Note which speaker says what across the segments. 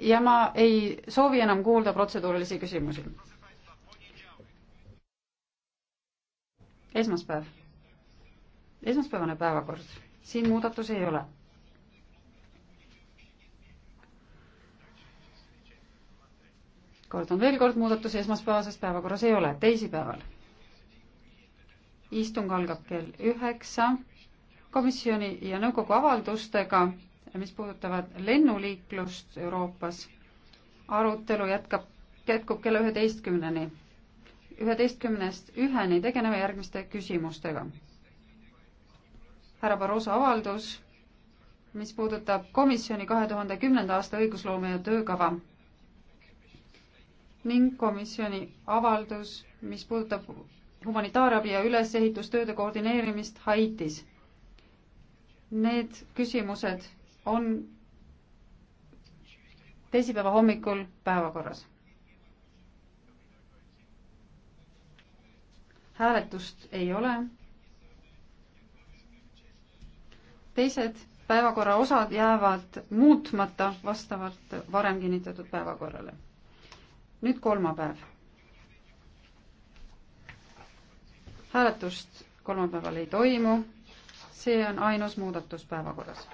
Speaker 1: ja ma ei soovi enam kuulda protseduurilisi küsimusi. esmaspäev, esmaspäevane päevakord, siin muudatusi ei ole. kordan veel kord, muudatusi esmaspäevases päevakorras ei ole, teisipäeval. istung algab kell üheksa komisjoni ja nõukogu avaldustega mis puudutavad lennuliiklust Euroopas. arutelu jätkab, jätkub kella üheteistkümneni. üheteistkümnest üheni tegeleme järgmiste küsimustega. härra Barroso avaldus, mis puudutab komisjoni kahe tuhande kümnenda aasta õigusloome ja töökava ning komisjoni avaldus, mis puudutab humanitaarabi ja ülesehitustööde koordineerimist Haitis. Need küsimused on teisipäeva hommikul päevakorras. hääletust ei ole. teised päevakorra osad jäävad muutmata vastavalt varem kinnitatud päevakorrale. nüüd kolmapäev. hääletust kolmapäeval ei toimu. see on ainus muudatus päevakorras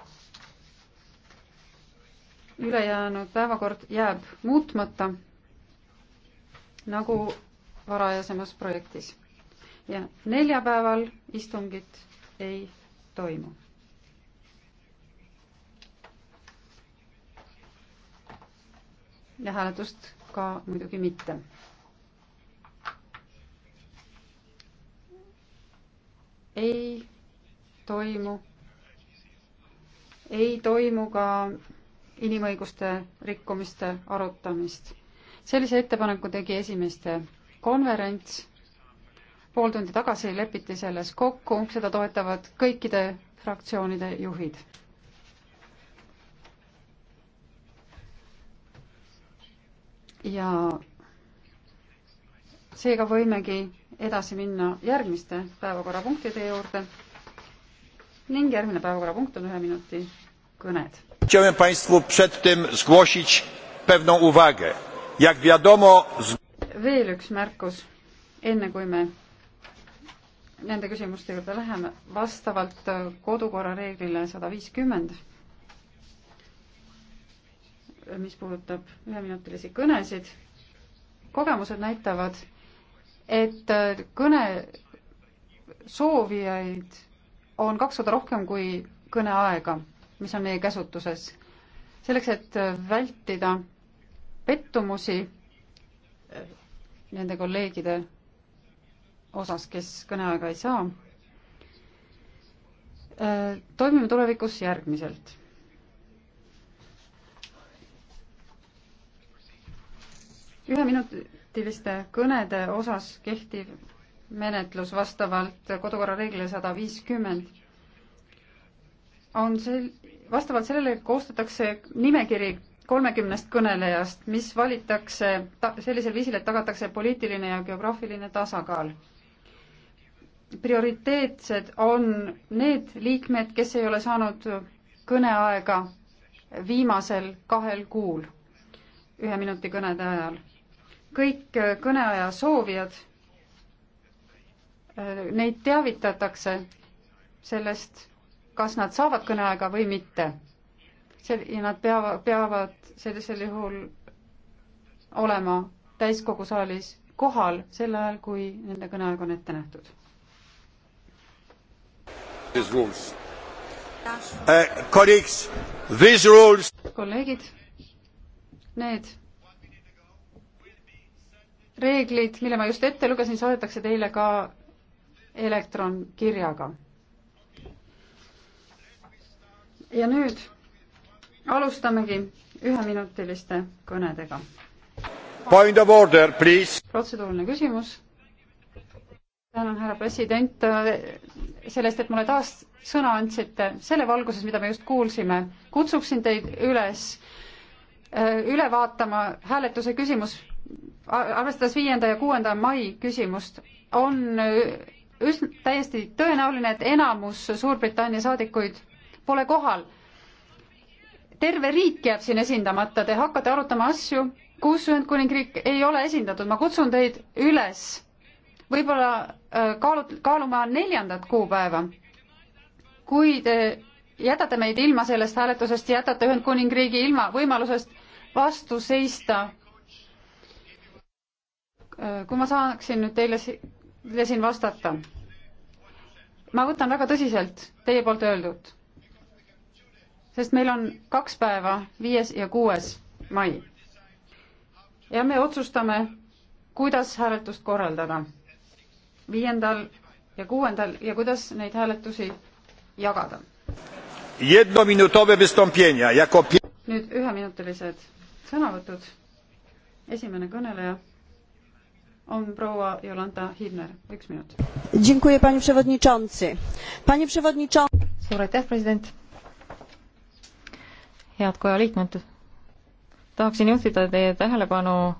Speaker 1: ülejäänud päevakord jääb muutmata nagu varajasemas projektis ja neljapäeval istungit ei toimu. ja hääletust ka muidugi mitte. ei toimu, ei toimu ka inimõiguste rikkumiste arutamist. sellise ettepaneku tegi esimeste konverents, pool tundi tagasi lepiti selles kokku, seda toetavad kõikide fraktsioonide juhid. ja seega võimegi edasi minna järgmiste päevakorrapunktide juurde ning järgmine päevakorrapunkt on ühe minuti kõned
Speaker 2: Chciałem Państwu przed tym zgłosić pewną uwagę. Jak wiadomo...
Speaker 1: Veel üks märkus, enne kui me nende küsimuste juurde läheme. Vastavalt äh, kodukorra reeglile 150, mis puudutab üheminutilisi kõnesid, kogemused näitavad, et äh, kõne soovijaid on kakssada rohkem kui kõneaega mis on meie käsutuses. selleks, et vältida pettumusi eh, nende kolleegide osas, kes kõneaega ei saa, eh, toimime tulevikus järgmiselt üheminutiliste kõnede osas kehtiv menetlus vastavalt kodukorra reeglile sada viiskümmend on sel-, vastavalt sellele koostatakse nimekiri kolmekümnest kõnelejast, mis valitakse ta-, sellisel viisil, et tagatakse poliitiline ja geograafiline tasakaal. prioriteetsed on need liikmed, kes ei ole saanud kõneaega viimasel kahel kuul ühe minuti kõnede ajal. kõik kõneaja soovijad, äh, neid teavitatakse sellest kas nad saavad kõneaega või mitte. sel-, ja nad peavad, peavad sellisel juhul olema täiskogu saalis kohal sel ajal, kui nende kõneaeg on ette nähtud. Uh, kolleegid, need reeglid, mille ma just ette lugesin, saadetakse teile ka elektronkirjaga ja nüüd alustamegi üheminutiliste kõnedega.
Speaker 2: Point of order, please.
Speaker 1: protseduuriline küsimus. tänan, härra president, selle eest, et mulle taas sõna andsite. selle valguses, mida me just kuulsime, kutsuksin teid üles äh, üle vaatama hääletuse küsimus, arvestades viienda ja kuuenda mai küsimust, on äh, üsna täiesti tõenäoline, et enamus Suurbritannia saadikuid pole kohal. terve riik jääb siin esindamata, te hakkate arutama asju, kus Ühendkuningriik ei ole esindatud, ma kutsun teid üles võib-olla äh, kaalut-, kaaluma neljandat kuupäeva. kui te jätate meid ilma sellest hääletusest, jätate Ühendkuningriigi ilma võimalusest vastu seista. Äh, kui ma saaksin nüüd teile, teile siin vastata. ma võtan väga tõsiselt teie poolt öeldut sest meil on kaks päeva, viies ja kuues mai. ja me otsustame, kuidas hääletust korraldada viiendal ja kuuendal ja kuidas neid hääletusi jagada. nüüd üheminutilised sõnavõtud. esimene kõneleja on proua Jolanta Hibner, üks minut.
Speaker 2: suur aitäh, president head koja liikmed, tahaksin juhtida teie tähelepanu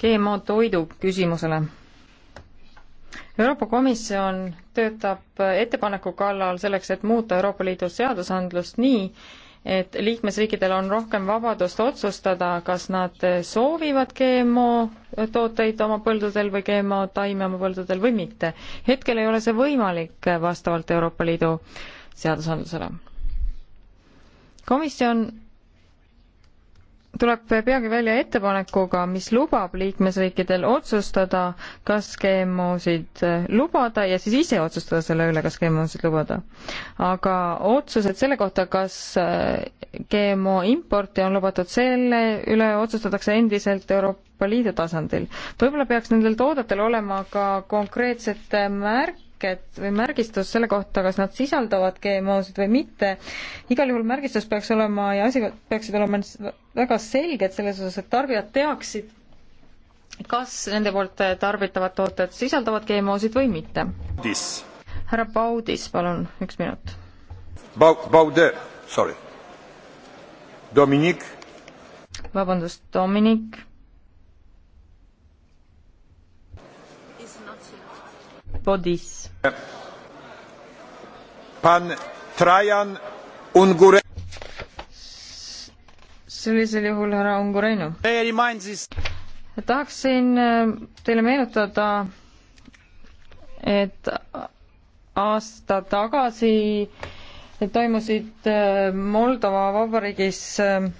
Speaker 2: GMO toidu küsimusele. Euroopa Komisjon töötab ettepaneku kallal selleks, et muuta Euroopa Liidu seadusandlust nii, et liikmesriikidel on rohkem vabadust otsustada, kas nad soovivad GMO tooteid oma põldudel või GMO taimi oma põldudel või mitte. hetkel ei ole see võimalik vastavalt Euroopa Liidu seadusandlusele komisjon tuleb peagi välja ettepanekuga, mis lubab liikmesriikidel otsustada, kas GMO-sid äh, lubada ja siis ise otsustada selle üle, kas GMO-sid lubada. aga otsused selle kohta, kas äh, GMO importi on lubatud, selle üle otsustatakse endiselt Euroopa Liidu tasandil. võib-olla peaks nendel toodetel olema ka konkreetsed märk-, märket või märgistus selle kohta, kas nad sisaldavad GMO-sid või mitte. igal juhul märgistus peaks olema ja asjad peaksid olema väga selged selles osas, et tarbijad teaksid, kas nende poolt tarbitavad tooted sisaldavad GMO-sid või mitte. härra Baudis, palun, üks minut. Baude, sorry. Dominik. vabandust, Dominik Bodis. pan Trajan Ungure-. sellisel juhul härra Ungureinu. tahaksin äh, teile meenutada, et aasta tagasi toimusid äh, Moldova Vabariigis äh,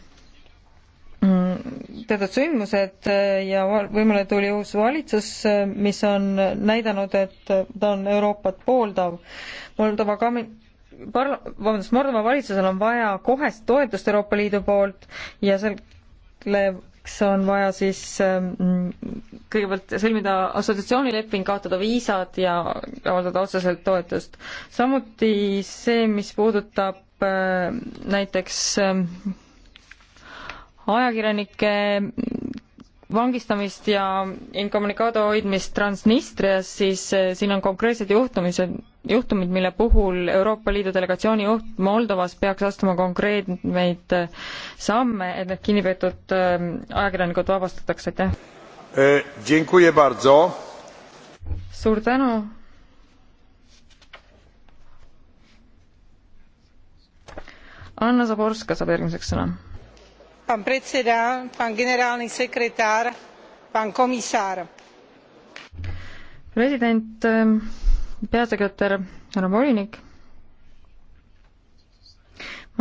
Speaker 2: teatud sündmused äh, ja võimule tuli uus valitsus, äh, mis on näidanud, et ta on Euroopat pooldav. Moldova kami-, parla-, vabandust, Moldova valitsusel on vaja kohest toetust Euroopa Liidu poolt ja selleks on vaja siis ähm, kõigepealt sõlmida assotsiatsioonileping, kaotada viisad ja avaldada otseselt toetust. samuti see, mis puudutab äh, näiteks ähm, ajakirjanike vangistamist ja incommunicado hoidmist Transnistrias, siis eh, siin on konkreetsed juhtumised, juhtumid, mille puhul Euroopa Liidu delegatsiooni juht Moldovas peaks astuma konkreetmeid eh, samme, et need kinnipeetud eh, ajakirjanikud vabastataks, aitäh eh,! suur tänu! Anna Zaborska saab järgmiseks sõna
Speaker 1: pán predseda pán generálny sekretár pán komisár
Speaker 2: president ehm, peasekretär härra volinik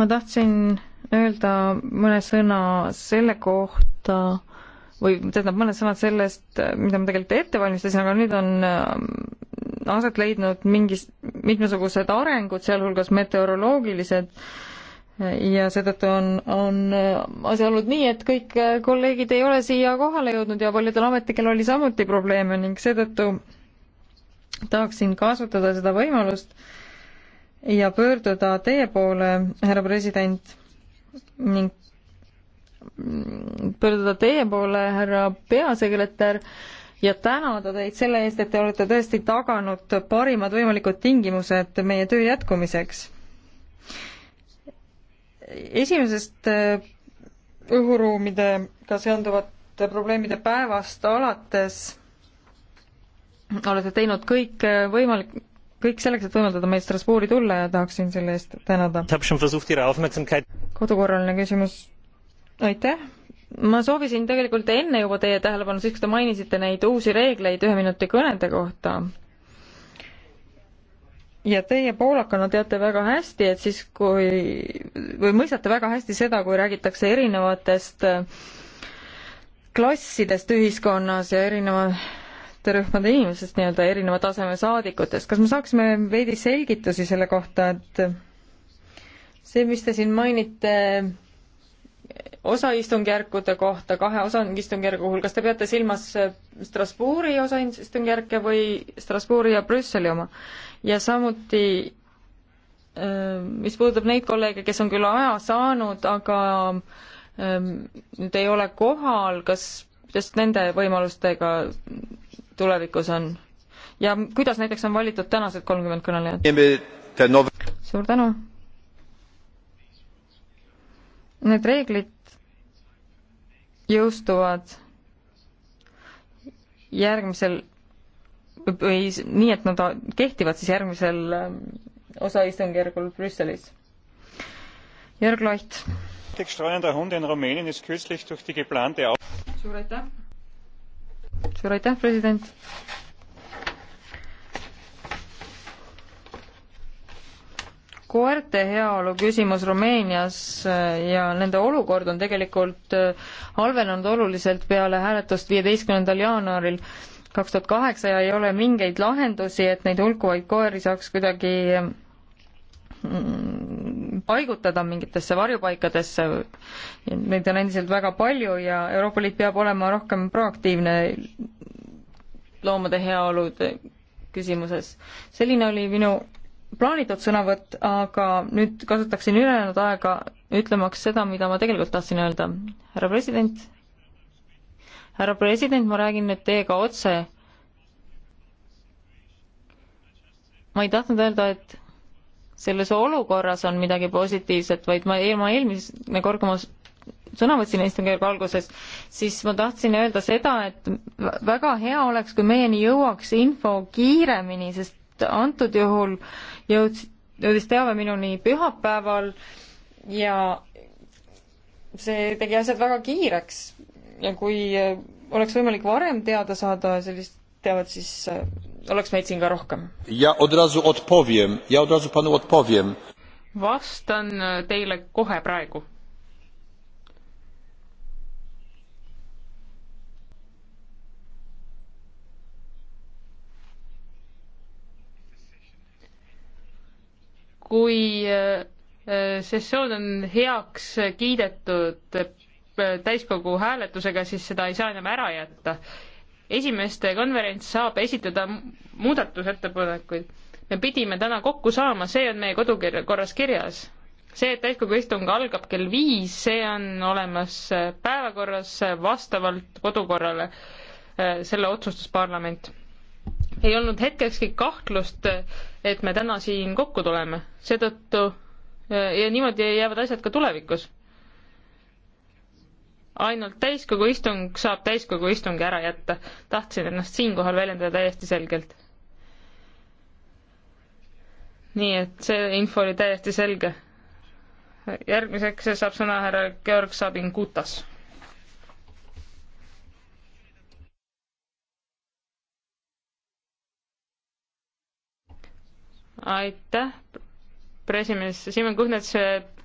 Speaker 2: ma tahtsin öelda mõne sõna selle kohta või tähendab mõned sõnad sellest, mida ma tegelikult ette valmistasin, aga nüüd on ehm, aset leidnud mingis, mitmesugused arengud, sealhulgas meteoroloogilised äh, ja seetõttu on, on asi olnud nii, et kõik kolleegid ei ole siia kohale jõudnud ja paljudel ametnikel oli samuti probleeme ning seetõttu tahaksin kasutada seda võimalust ja pöörduda teie poole, härra president, ning pöörduda teie poole, härra peasekretär, ja tänada teid selle eest, et te olete tõesti taganud parimad võimalikud tingimused meie töö jätkumiseks esimesest äh, õhuruumidega seonduvate äh, probleemide päevast alates olete teinud kõik äh, võimalik, kõik selleks, et võimaldada meil Strasbourgi tulla ja tahaksin selle eest tänada. kodukorraline küsimus, aitäh. ma soovisin tegelikult enne juba teie tähelepanu, siis kui te mainisite neid uusi reegleid ühe minuti kõnede kohta ja teie poolakana teate väga hästi, et siis kui, või mõistate väga hästi seda, kui räägitakse erinevatest äh, klassidest ühiskonnas ja erinevate rühmade inimesest, nii-öelda erineva taseme saadikutest. kas me saaksime veidi selgitusi selle kohta, et see, mis te siin mainite osaistungjärkude kohta, kahe osaistungjärgu puhul, kas te peate silmas Strasbourgi osaistungjärke või Strasbourgi ja Brüsseli oma? ja samuti äh, mis puudutab neid kolleege, kes on küll aja saanud, aga ähm, nüüd ei ole kohal, kas, kuidas nende võimalustega tulevikus on? ja kuidas näiteks on valitud tänased kolmkümmend kõnelejat? suur tänu! Need reeglid jõustuvad järgmisel või nii, et nad kehtivad siis järgmisel ähm, osaistungjärgul Brüsselis. Jörg Loit. suur aitäh. suur aitäh, president. koerte heaolu küsimus Rumeenias äh, ja nende olukord on tegelikult äh, halvenenud oluliselt peale hääletust viieteistkümnendal jaanuaril kaks tuhat kaheksa ja ei ole mingeid lahendusi, et neid hulkuvaid koeri saaks kuidagi mm, paigutada mingitesse varjupaikadesse. Neid on endiselt väga palju ja Euroopa Liit peab olema rohkem proaktiivne loomade heaolu küsimuses. selline oli minu plaanitud sõnavõtt, aga nüüd kasutaksin ülejäänud aega ütlemaks seda, mida ma tegelikult tahtsin öelda. härra president härra president, ma räägin nüüd teiega otse. ma ei tahtnud öelda, et selles olukorras on midagi positiivset, vaid ma, ma eelmine kord, kui ma sõna võtsin istungjärgu alguses, siis ma tahtsin öelda seda, et väga hea oleks, kui meieni jõuaks info kiiremini, sest antud juhul jõud-, jõudis teave minuni pühapäeval ja see tegi asjad väga kiireks ja kui eh, oleks võimalik varem teada saada sellist teavet, siis eh, oleks meid siin ka rohkem. ja odrazu odpoviem, ja odrazu panu odpoviem.
Speaker 3: vastan eh, teile kohe praegu. kui sessioon on heaks kiidetud Äh, täiskogu hääletusega, siis seda ei saa enam ära jätta. esimeste konverents saab esitada muudatusettepanekuid. me pidime täna kokku saama, see on meie kodukorras kirjas. see, et täiskogu istung algab kell viis, see on olemas äh, päevakorras äh, vastavalt kodukorrale. selle otsustas parlament. ei olnud hetkekski kahtlust, et me täna siin kokku tuleme, seetõttu ja niimoodi jäävad asjad ka tulevikus ainult täiskogu istung saab täiskogu istungi ära jätta. tahtsin ennast siinkohal väljendada täiesti selgelt. nii et see info oli täiesti selge. järgmiseks saab sõna härra Georg Sabin-Kutas. aitäh, presimees Simon Kuhnets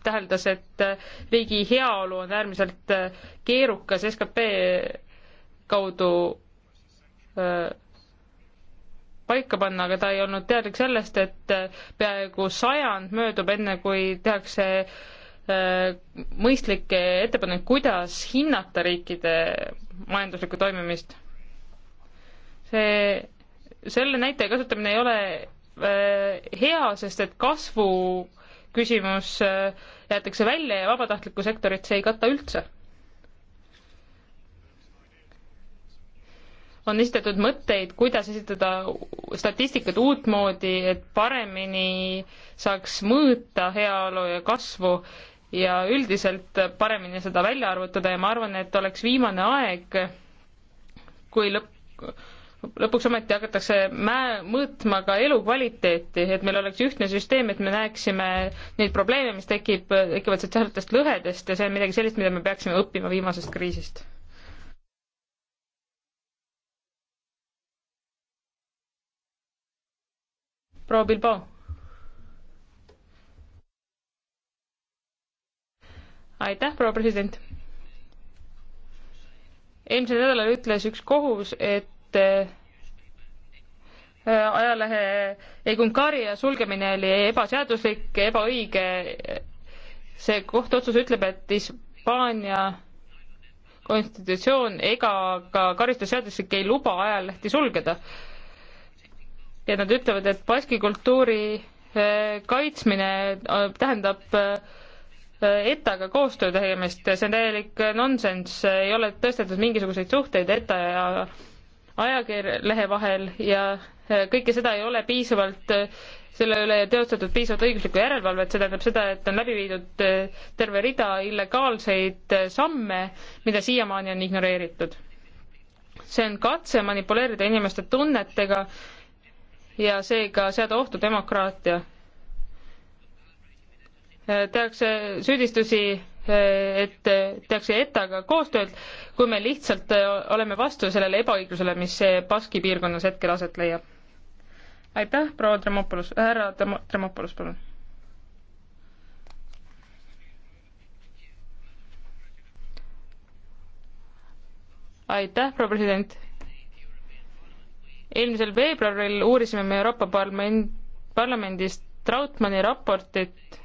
Speaker 3: täheldas, et äh, riigi heaolu on äärmiselt äh, keerukas skp kaudu äh, paika panna, aga ta ei olnud teadlik sellest, et peaaegu sajand möödub, enne kui tehakse mõistlikke ettepanekuid, kuidas hinnata riikide majanduslikku toimimist. see, selle näitaja kasutamine ei ole hea, sest et kasvu küsimus äh, jäetakse välja ja vabatahtlikku sektorit see ei kata üldse. on esitatud mõtteid, kuidas esitada statistikat uutmoodi, et paremini saaks mõõta heaolu ja kasvu ja üldiselt paremini seda välja arvutada ja ma arvan, et oleks viimane aeg, kui lõpp, lõpuks ometi hakatakse mäe, mõõtma ka elukvaliteeti, et meil oleks ühtne süsteem, et me näeksime neid probleeme, mis tekib, tekivad sotsiaalsetest lõhedest ja see on midagi sellist, mida me peaksime õppima viimasest kriisist. proua Bilbao. aitäh, proua president. eelmisel nädalal ütles üks kohus, et Äh, ajalehe Egunkaria sulgemine oli ebaseaduslik, ebaõige. see kohtuotsus ütleb, et Hispaania konstitutsioon ega ka karistusseadustik ei luba ajalehti sulgeda. ja nad ütlevad, et baski kultuuri äh, kaitsmine äh, tähendab ETA-ga koostöö tegemist, see on täielik nonsenss, ei ole tõstetud mingisuguseid suhteid ETA ja ajakirjalehe vahel ja äh, kõike seda ei ole piisavalt äh, selle üle teostatud piisavat õiguslikku järelevalvet, see tähendab seda, et on läbi viidud äh, terve rida illegaalseid samme, mida siiamaani on ignoreeritud. see on katse manipuleerida inimeste tunnetega ja seega seada ohtu demokraatia. tehakse süüdistusi et tehakse ETA-ga koostööd, kui me lihtsalt äh, oleme vastu sellele ebaõiglusele, mis Baski piirkonnas hetkel aset leiab. aitäh, proua Tremopolus, äh, härra Tremopolus, palun. aitäh, proua president. eelmisel veebruaril uurisime me Euroopa Parlament, parlamendist Trautmanni raportit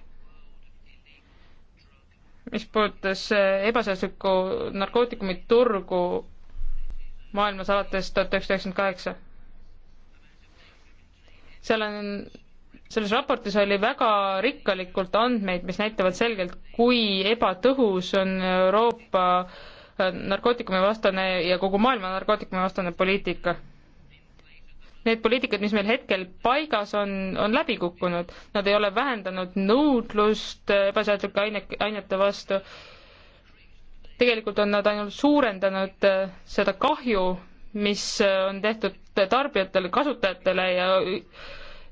Speaker 3: mis puudutas äh, ebaseaduslikku narkootikumid turgu maailmas alates tuhat üheksasada üheksakümmend kaheksa. seal on, selles raportis oli väga rikkalikult andmeid, mis näitavad selgelt, kui ebatõhus on Euroopa äh, narkootikumivastane ja kogu maailma narkootikumivastane poliitika need poliitikad, mis meil hetkel paigas on, on läbi kukkunud. Nad ei ole vähendanud nõudlust ebaseaduslike aine, ainete vastu. tegelikult on nad ainult suurendanud äh, seda kahju, mis äh, on tehtud tarbijatele, kasutajatele ja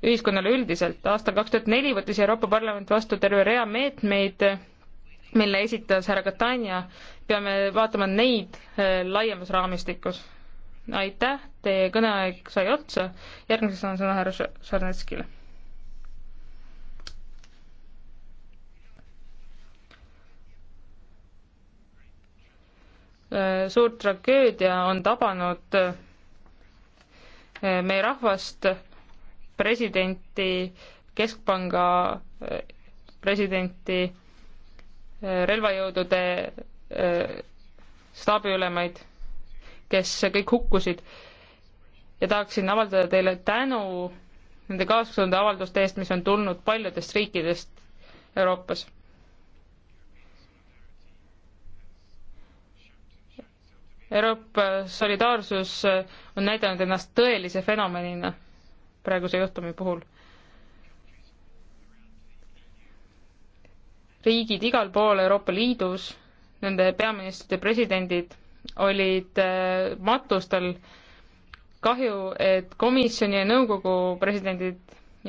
Speaker 3: ühiskonnale üldiselt. aastal kaks tuhat neli võttis Euroopa Parlament vastu terve rea meetmeid, mille esitas härra Katania. peame vaatama neid äh, laiemas raamistikus aitäh, teie kõneaeg sai otsa, järgmiseks on sõna härra Šarnetskile. Äh, suur tragöödia on tabanud äh, meie rahvast, presidenti, keskpanga äh, presidenti, relvajõudude staabiülemaid kes kõik hukkusid. ja tahaksin avaldada teile tänu nende kaastunde avalduste eest, mis on tulnud paljudest riikidest Euroopas. Euroopa solidaarsus on näidanud ennast tõelise fenomenina praeguse juhtumi puhul. riigid igal pool Euroopa Liidus, nende peaministrid ja presidendid olid äh, matustel. kahju, et komisjoni ja nõukogu presidendid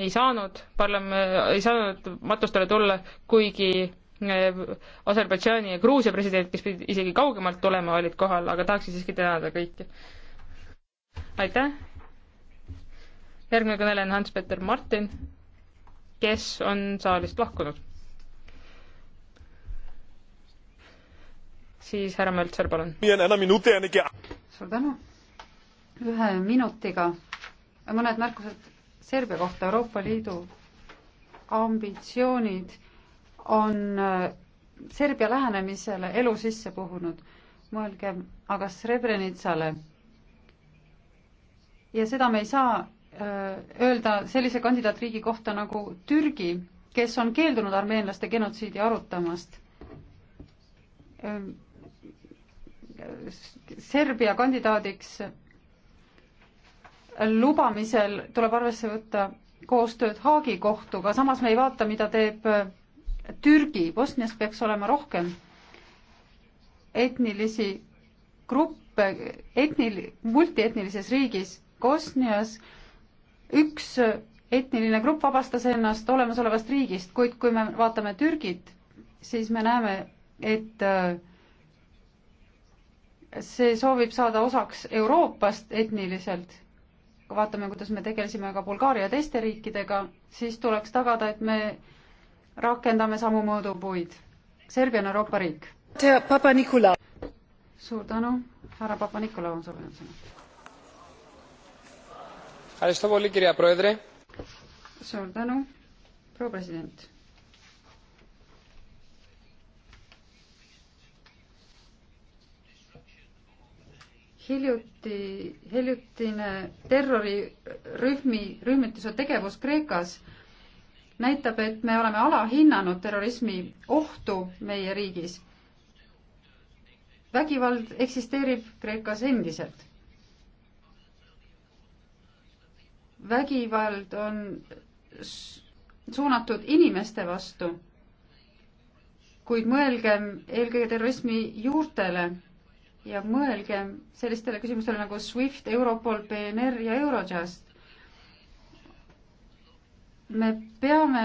Speaker 3: ei saanud parlam-, ei saanud matustele tulla, kuigi äh, Aserbaidžaani ja Gruusia president, kes pidid isegi kaugemalt tulema, olid kohal, aga tahaksin siiski tänada kõiki. aitäh. järgmine kõneleja on Hans-Peter Martin, kes on saalist lahkunud. siis härra Möltser, palun.
Speaker 1: suur tänu. ühe minutiga mõned märkused Serbia kohta, Euroopa Liidu ambitsioonid on äh, Serbia lähenemisele elu sisse puhunud. mõelgem aga Srebrenitsale. ja seda me ei saa äh, öelda sellise kandidaatriigi kohta nagu Türgi, kes on keeldunud armeenlaste genotsiidi arutamast äh, Serbia kandidaadiks lubamisel tuleb arvesse võtta koostööd Haagi kohtuga, samas me ei vaata, mida teeb äh, Türgi, Bosnias peaks olema rohkem etnilisi gruppe, etnil-, multietnilises riigis, Bosnias üks etniline grupp vabastas ennast olemasolevast riigist, kuid kui me vaatame Türgit, siis me näeme, et äh, see soovib saada osaks Euroopast etniliselt, vaatame, kuidas me tegelesime ka Bulgaaria ja teiste riikidega, siis tuleks tagada, et me rakendame samu mõõdupuid. Serbia on Euroopa riik. suur tänu, härra Papa-Nikola on soovinud sõna. suur tänu, proua president hiljuti, hiljutine terrorirühmi, rühmituse tegevus Kreekas näitab, et me oleme alahinnanud terrorismi ohtu meie riigis. vägivald eksisteerib Kreekas endiselt. vägivald on suunatud inimeste vastu, kuid mõelgem eelkõige terrorismi juurtele ja mõelgem sellistele küsimustele nagu SWIFT, Europol, PNR ja Eurojust. me peame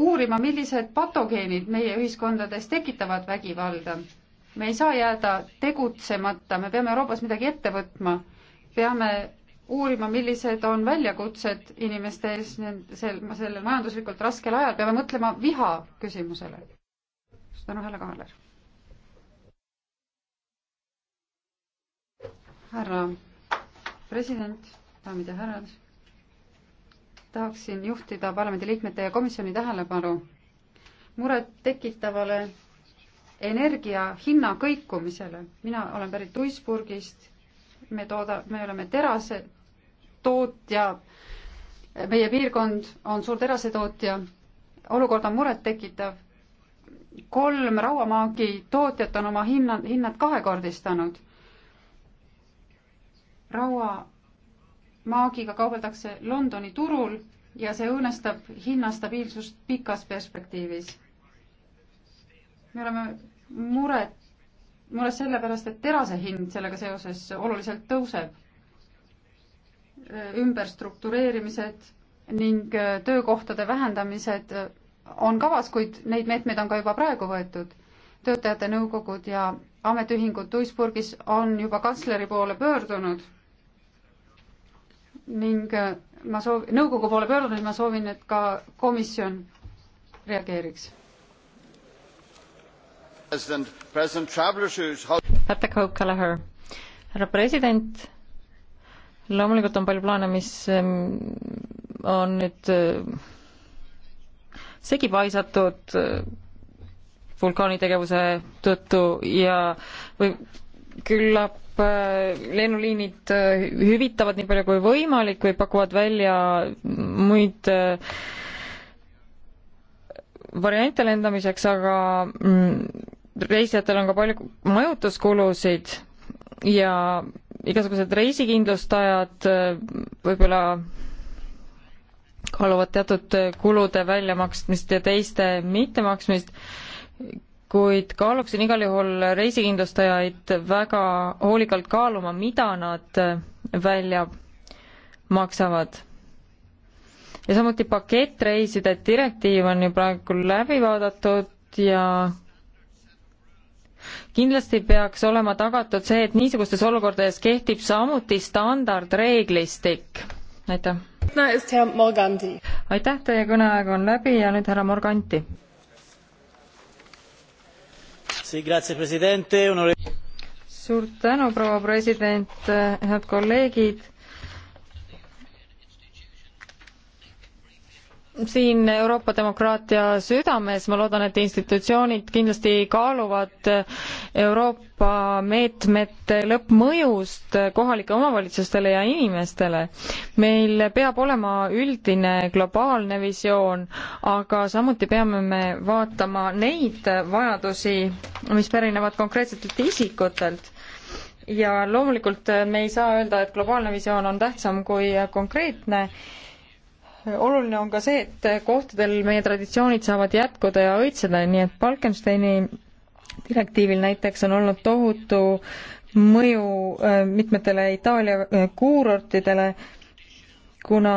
Speaker 1: uurima, millised patogeenid meie ühiskondades tekitavad vägivalda. me ei saa jääda tegutsemata, me peame Euroopas midagi ette võtma, peame uurima, millised on väljakutsed inimeste ees sel, sellel majanduslikult raskel ajal, peame mõtlema viha küsimusele. Stanu Helle-Kaaler härra president, daamid ja härrad, tahaksin juhtida parlamendiliikmete ja komisjoni tähelepanu muret tekitavale energia hinna kõikumisele. mina olen pärit Duisburgist, me tooda, me oleme terase tootja, meie piirkond on suur terasetootja, olukord on murettekitav. kolm rauamaagi tootjat on oma hinna, hinnad kahekordistanud rauamaagiga kaubeldakse Londoni turul ja see õõnestab hinnastabiilsust pikas perspektiivis. me oleme muret, mures sellepärast, et terase hind sellega seoses oluliselt tõuseb. ümberstruktureerimised ning äh, töökohtade vähendamised äh, on kavas, kuid neid meetmeid on ka juba praegu võetud. töötajate nõukogud ja ametiühingud Duisburgis on juba kantsleri poole pöördunud ning äh, ma soov-, nõukogu poole pöördunud, ma soovin, et ka komisjon reageeriks. Patrick O'Callagher, härra president,
Speaker 2: loomulikult on palju plaane, mis ähm, on nüüd äh, segi paisatud äh, vulkaanitegevuse tõttu ja või küllap äh, lennuliinid äh, hüvitavad nii palju kui võimalik või pakuvad välja muid äh, variante lendamiseks, aga mm, reisijatel on ka palju majutuskulusid ja igasugused reisikindlustajad võib-olla kaaluvad teatud kulude väljamaksmist ja teiste mittemaksmist kuid kaaluksin igal juhul reisikindlustajaid väga hoolikalt kaaluma, mida nad välja maksavad. ja samuti pakettreiside direktiiv on ju praegu läbi vaadatud ja kindlasti peaks olema tagatud see, et niisugustes olukordades kehtib samuti standardreeglistik. aitäh. aitäh, teie kõneaeg on läbi ja nüüd härra Morganti suur tänu, proua president, head kolleegid siin Euroopa demokraatia südames, ma loodan, et institutsioonid kindlasti kaaluvad Euroopa meetmete lõppmõjust kohalike omavalitsustele ja inimestele. meil peab olema üldine globaalne visioon, aga samuti peame me vaatama neid vajadusi, mis pärinevad konkreetsetelt isikutelt ja loomulikult me ei saa öelda, et globaalne visioon on tähtsam kui konkreetne oluline on ka see, et kohtadel meie traditsioonid saavad jätkuda ja õitseda, nii et Balkensteini direktiivil näiteks on olnud tohutu mõju äh, mitmetele Itaalia äh, kuurortidele, kuna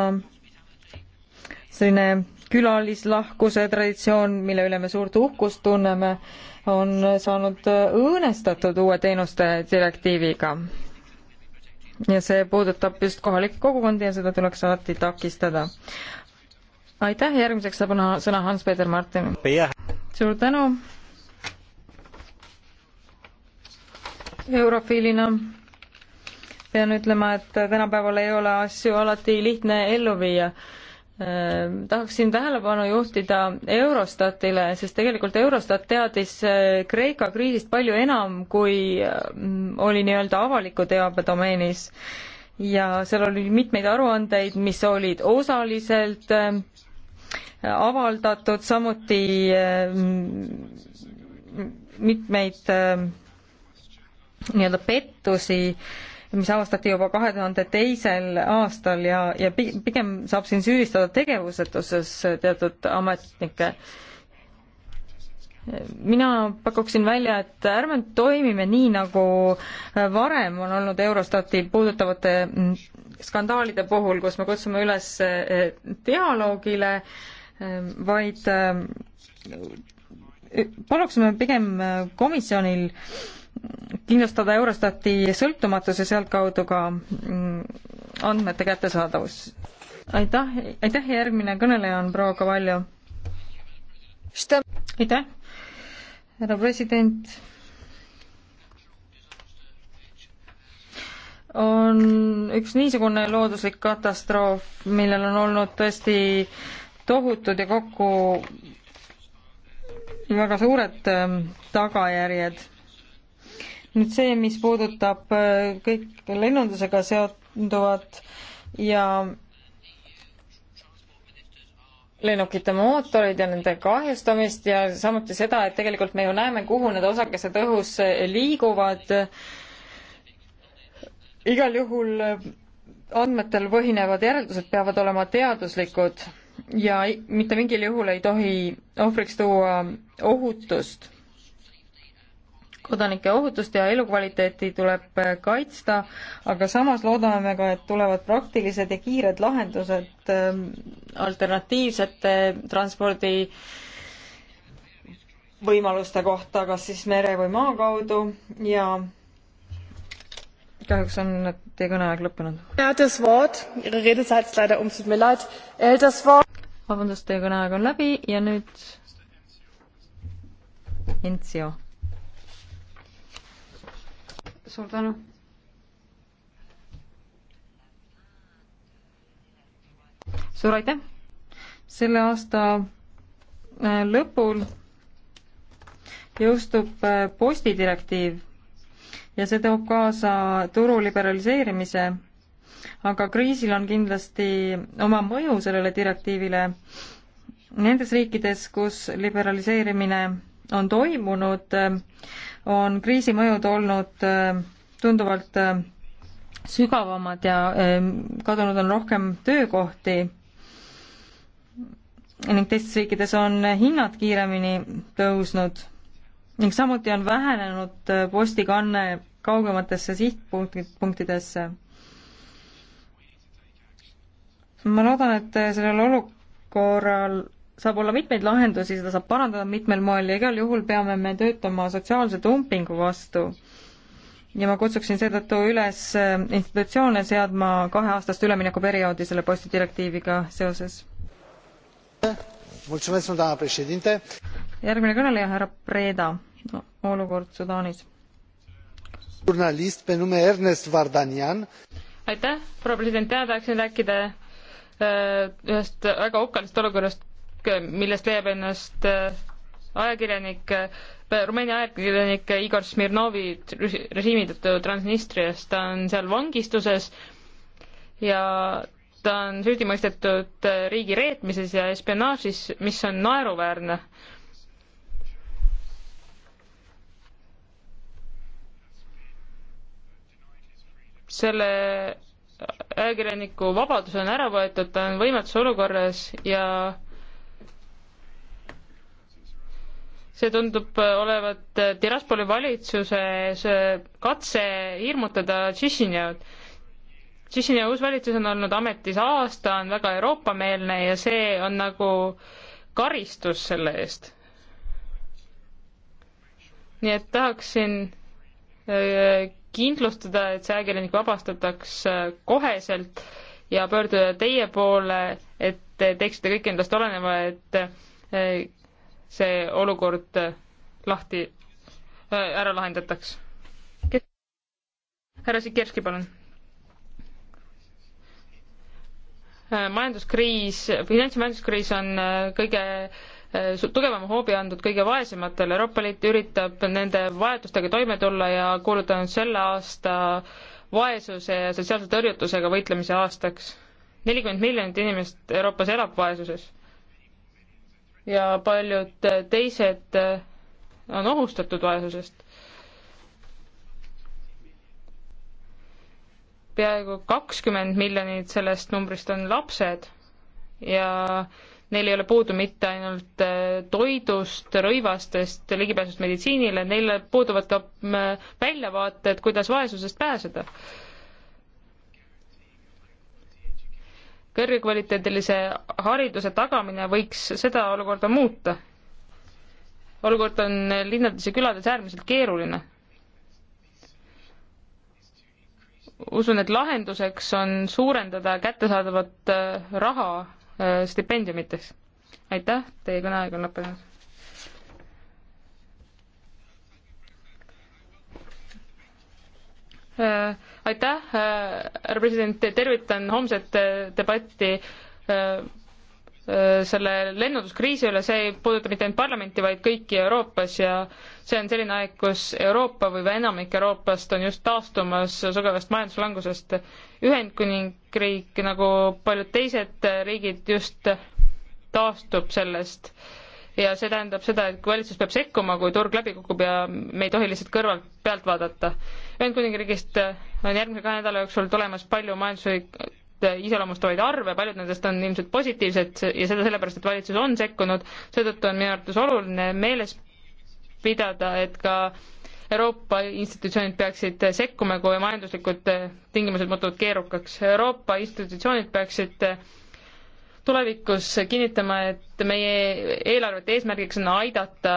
Speaker 2: selline külalislahkuse traditsioon, mille üle me suurt uhkust tunneme, on saanud äh, õõnestatud uue teenuste direktiiviga ja see puudutab just kohalikke kogukondi ja seda tuleks alati takistada. aitäh, järgmiseks saab sõna Hans-Peeter Martin. suur tänu. eurofiilina pean ütlema, et tänapäeval ei ole asju alati lihtne ellu viia Ehm, tahaksin tähelepanu juhtida Eurostatile, sest tegelikult Eurostat teadis eh, Kreeka kriisist palju enam, kui ehm, oli nii-öelda avaliku teabe domeenis. ja seal oli mitmeid aruandeid, mis olid osaliselt ehm, avaldatud, samuti mitmeid nii-öelda pettusi mis avastati juba kahe tuhande teisel aastal ja, ja pigem saab siin süüdistada tegevusetuses teatud ametnikke. mina pakuksin välja, et ärme toimime nii, nagu varem on olnud Eurostati puudutavate skandaalide puhul, kus me kutsume üles eh, dialoogile, eh, vaid eh, paluksime pigem komisjonil äh, kindlustada Eurostati sõltumatus ja sealtkaudu ka mm, andmete kättesaadavus. aitäh, aitäh, järgmine kõneleja on proua Kavaljo. aitäh, härra president. on üks niisugune looduslik katastroof, millel on olnud tõesti tohutud ja kokku väga suured ähm, tagajärjed nüüd see, mis puudutab äh, kõik lennundusega seonduvat ja lennukite mootorid ja nende kahjustamist ja samuti seda, et tegelikult me ju näeme, kuhu need osakesed õhus liiguvad. igal juhul äh, andmetel põhinevad järeldused peavad olema teaduslikud ja mitte mingil juhul ei tohi ohvriks tuua ohutust kodanike ohutust ja elukvaliteeti tuleb äh, kaitsta, aga samas loodame ka, et tulevad praktilised ja kiired lahendused ähm, alternatiivsete transpordi võimaluste kohta, kas siis mere või maa kaudu ja kahjuks on teie kõneaeg lõppenud. Um. vabandust, teie kõneaeg on läbi ja nüüd Enzio
Speaker 1: suur tänu. suur aitäh. selle
Speaker 2: aasta äh, lõpul jõustub äh, postidirektiiv ja see toob kaasa turu liberaliseerimise, aga kriisil on kindlasti oma mõju sellele direktiivile nendes riikides, kus liberaliseerimine on toimunud, äh, on kriisi mõjud olnud äh, tunduvalt äh, sügavamad ja ähm, kadunud on rohkem töökohti ning teistes riikides on hinnad kiiremini tõusnud ning samuti on vähenenud äh, postikanne kaugematesse sihtpunktidesse. ma loodan, et sellel olukorral saab olla mitmeid lahendusi, seda saab parandada mitmel moel ja igal juhul peame me töötama sotsiaalse dumpingu vastu. ja ma kutsuksin seetõttu üles äh, institutsioone seadma kaheaastast üleminekuperioodi selle postidirektiiviga seoses. järgmine kõneleja, härra Preda, olukord Sudaanis.
Speaker 1: jurnalist penume Ernest Vardanjan.
Speaker 3: aitäh, proua president, mina tahaksin rääkida äh, ühest väga okkalisest olukorrast millest leiab ennast äh, ajakirjanik, äh, Rumeenia ajakirjanik Igor Smirnovi režiimi tõttu Transnistrias, ta on seal vangistuses ja ta on süüdi mõistetud äh, riigi reetmises ja espionaažis, mis on naeruväärne. selle ajakirjaniku vabadus on ära võetud, ta on võimetus olukorras ja see tundub äh, olevat Tiraspoli äh, valitsuses katse hirmutada Tšišinjad. Tšišinja uus valitsus on olnud ametis aasta, on väga Euroopa-meelne ja see on nagu karistus selle eest. nii et tahaksin äh, kindlustada, et see ajakirjanik vabastatakse koheselt ja pöörduda teie poole, et teeksite kõik endast oleneva, et see olukord eh, lahti äh,, ära lahendataks. härra Sikerski, palun äh,. majanduskriis, finants- ja majanduskriis on äh, kõige tugevama hoobi andnud kõige vaesematele, Euroopa Liit üritab nende vajadustega toime tulla ja kuulutanud selle aasta vaesuse ja sotsiaalse tõrjutusega võitlemise aastaks. nelikümmend miljonit inimest Euroopas elab vaesuses ja paljud teised on ohustatud vaesusest. peaaegu kakskümmend miljonit sellest numbrist on lapsed ja neil ei ole puudu mitte ainult äh, toidust, rõivastest, ligipääsust meditsiinile, neil puuduvad ka äh, väljavaated, kuidas vaesusest pääseda kõrgekvaliteedilise hariduse tagamine võiks seda olukorda muuta. olukord on linnades ja külades äärmiselt keeruline. usun, et lahenduseks on suurendada kättesaadavat äh, raha äh, stipendiumiteks. aitäh, teie kõneaeg on lõppenud. Äh, aitäh, äh, härra president, tervitan homset äh, debatti selle lennunduskriisi üle, see ei puuduta mitte ainult parlamenti, vaid kõiki Euroopas ja see on selline aeg, kus Euroopa või enamik Euroopast on just taastumas sugevast majanduslangusest. Ühendkuningriik nagu paljud teised riigid just taastub sellest äh, ja see tähendab seda, et valitsus peab sekkuma, kui turg läbi kukub ja me ei tohi lihtsalt kõrvalt pealt vaadata. Ühendkuningriigist äh, on järgmise kahe nädala jooksul tulemas palju majanduslikke äh, iseloomustavaid arve, paljud nendest on ilmselt positiivsed ja seda sellepärast, et valitsus on sekkunud, seetõttu on minu arvates oluline meeles pidada, et ka Euroopa institutsioonid peaksid äh, sekkuma, kui majanduslikud tingimused muutuvad keerukaks. Euroopa institutsioonid peaksid tulevikus kinnitama, et meie eelarvete eesmärgiks on aidata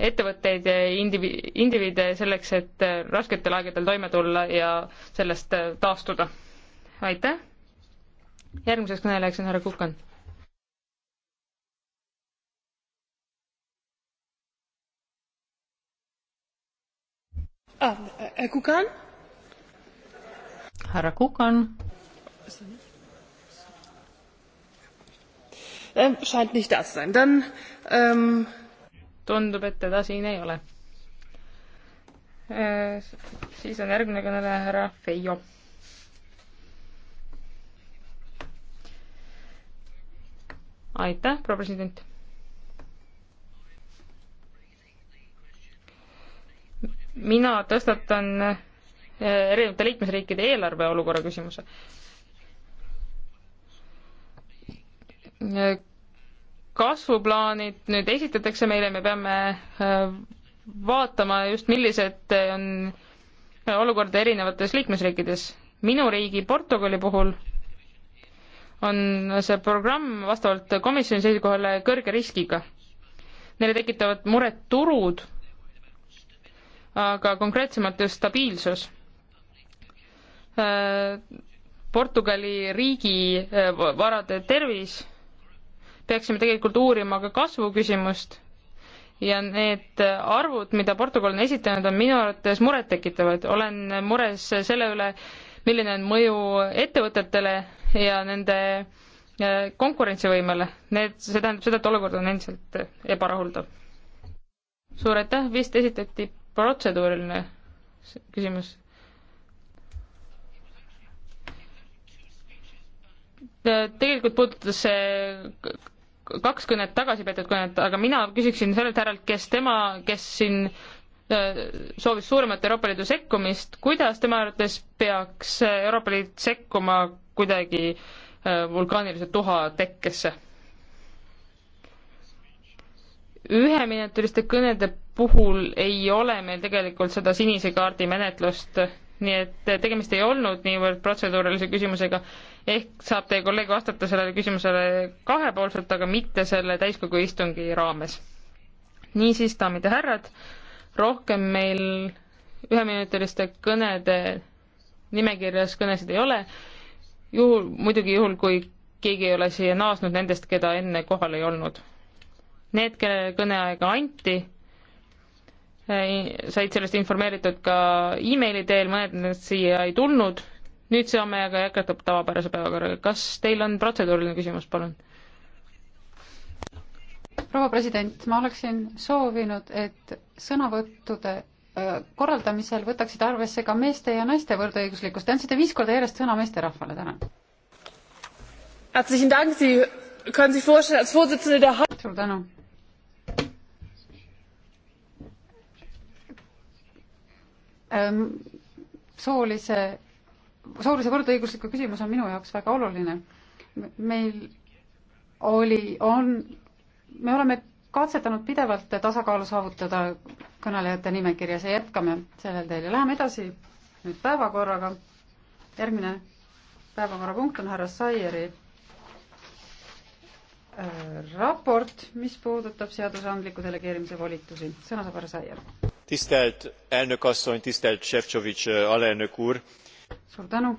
Speaker 3: ettevõtteid ja indivi-, indiviide selleks, et rasketel aegadel toime tulla ja sellest taastuda. aitäh! järgmiseks kõnelejaks on härra Kukan.
Speaker 1: härra ah, äh, äh, Kukan? härra Kukan? Ähm, scheint nicht
Speaker 3: da zu sein. Dann ähm... tundub, et teda siin ei ole. Äh, siis on järgmine kõneleja härra Feijo. aitäh, proua president. mina tõstatan äh, erinevate liikmesriikide eelarve olukorra küsimuse kasvuplaanid nüüd esitatakse meile, me peame äh, vaatama just, millised on olukord erinevates liikmesriikides. minu riigi Portugali puhul on see programm vastavalt komisjoni seisukohale kõrge riskiga. Neile tekitavad muret turud, aga konkreetsemalt just stabiilsus. Äh, Portugali riigi äh, varade tervis peaksime tegelikult uurima ka kasvuküsimust ja need arvud, mida Portugal on esitanud, on minu arvates murettekitavad. olen mures selle üle, milline on mõju ettevõtetele ja nende konkurentsivõimele. Need, see tähendab seda, et olukord on endiselt ebarahuldav. suur aitäh, vist esitati protseduuriline küsimus. tegelikult puudutas see kaks kõnet tagasi peetud kõnet, aga mina küsiksin sellelt härralt, kes tema, kes siin äh, soovis suuremat Euroopa Liidu sekkumist, kuidas tema arvates peaks Euroopa Liit sekkuma kuidagi äh, vulkaanilise tuha tekkesse? üheminutiliste kõnede puhul ei ole meil tegelikult seda sinise kaardi menetlust nii et äh, tegemist ei olnud niivõrd protseduurilise küsimusega, ehk saab teie kolleeg vastata sellele küsimusele kahepoolselt, aga mitte selle täiskogu istungi raames. niisiis, daamid ja härrad, rohkem meil üheminutiliste kõnede nimekirjas kõnesid ei ole, juhul, muidugi juhul, kui keegi ei ole siia naasnud nendest, keda enne kohal ei olnud. Need, kellele kõneaega anti, Eh, said sellest informeeritud ka emaili teel, mõned nendest siia ei tulnud. nüüd saame aga jätkata tavapärase päevakorraga. kas teil on protseduuriline küsimus, palun?
Speaker 1: proua president, ma oleksin soovinud, et sõnavõttude äh, korraldamisel võtaksid arvesse ka meeste ja naiste võrdõiguslikkust. Te andsite viis korda järjest sõna meesterahvale täna. suur tänu Ehm, soolise, soolise võrdõiguslikku küsimus on minu jaoks väga oluline. meil oli, on, me oleme katsetanud pidevalt tasakaalu saavutada kõnelejate nimekirjas ja jätkame sellel teel ja läheme edasi nüüd päevakorraga. järgmine päevakorrapunkt on härra Saieri Äh, raport, mis puudutab seadusandliku delegeerimise volitusi. sõna saab härra Saier. tisztelt
Speaker 2: elnök asszony, tisztelt Šefčovič äh, alelnök úr.
Speaker 1: suur tänu